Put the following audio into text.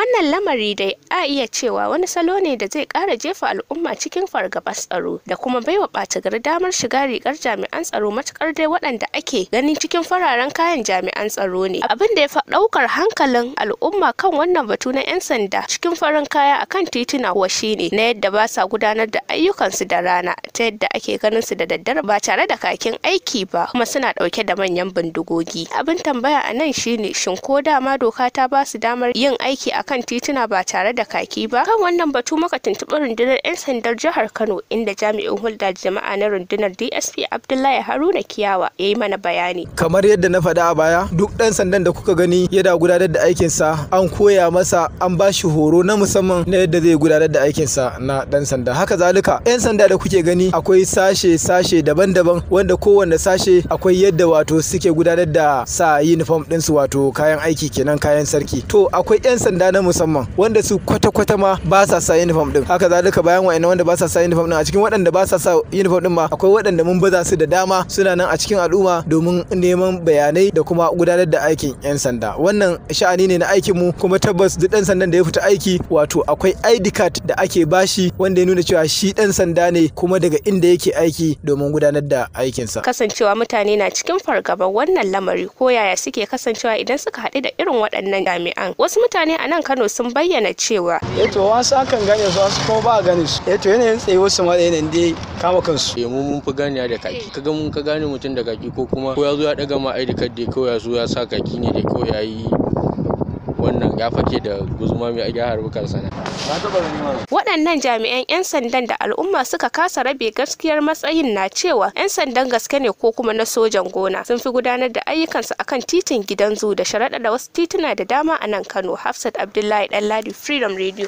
Wannan lamari dai a iya cewa wani salo ne da zai kara jefa al'umma cikin fargaba tsaro da kuma baiwa ɓata gari damar shiga rigar jami'an tsaro matukar dai waɗanda ake ganin cikin fararen kayan jami'an tsaro ne. Abin da ya fa ɗaukar hankalin al'umma kan wannan batu na 'yan sanda cikin farin kaya akan tituna wa shine na yadda ba sa gudanar da ayyukansu da rana ta yadda ake ganin su da daddare ba tare da kakin aiki ba kuma suna ɗauke da manyan bindigogi. Abin tambaya a nan shine shin ko dama doka ta ba su damar yin aiki a kan tituna ba tare da kaki ba kan wannan batu muka tuntuɓi rundunar 'yan sandar jihar kano inda jami'in hulɗa jama'a na rundunar dsp abdullahi haruna kiyawa ya yi mana bayani kamar yadda na faɗa a baya duk ɗan sandan da kuka gani yana gudanar da aikinsa an koya masa an ba shi horo na musamman na yadda zai gudanar da aikinsa na ɗan sanda haka zalika 'yan sanda da kuke gani akwai sashe-sashe daban-daban wanda kowanne sashe akwai yadda wato suke gudanar da sa uniform ɗinsu wato kayan aiki kenan kayan sarki to akwai 'yan sanda na na musamman wanda su kwata-kwata ma ba sa sa uniform din haka zalika bayan wa'annan wanda ba sa sa uniform din a cikin waɗanda ba sa sa uniform din ma akwai waɗanda mun baza su da dama suna nan a cikin al'umma domin neman bayanai da kuma gudanar da aikin 'yan sanda wannan sha'ani ne na aikin mu kuma tabbas duk ɗan sandan da ya fita aiki wato akwai ID card da ake bashi wanda ya nuna cewa shi ɗan sanda ne kuma daga inda yake aiki domin gudanar da aikinsa kasancewa mutane na cikin fargaba wannan lamari ko yaya suke kasancewa idan suka haɗu da irin waɗannan jami'an wasu mutane a nan Kano sun bayyana cewa eto eh wasu akan gane su wasu kuma ba a gane su eto eh yanayin tsaye wasu ma yanayin dai kama kansu eh mun fi ganiya da kaki kaga mun ka gane mutum da kaki ko kuma ko ya zo ya ɗaga ma da kawai ya zo ya sa kaki ne da kawai ya yi ya fake da guzumami a gyara harbukan sana. Waɗannan jami'an 'yan sandan da al'umma suka kasa rabe gaskiyar matsayin na cewa 'yan sandan gaske ne ko kuma na sojan gona sun fi gudanar da ayyukansu akan titin gidan zu da sharaɗa da wasu tituna da dama a nan Kano. Hafsat Abdullahi Ɗanladi Freedom Radio.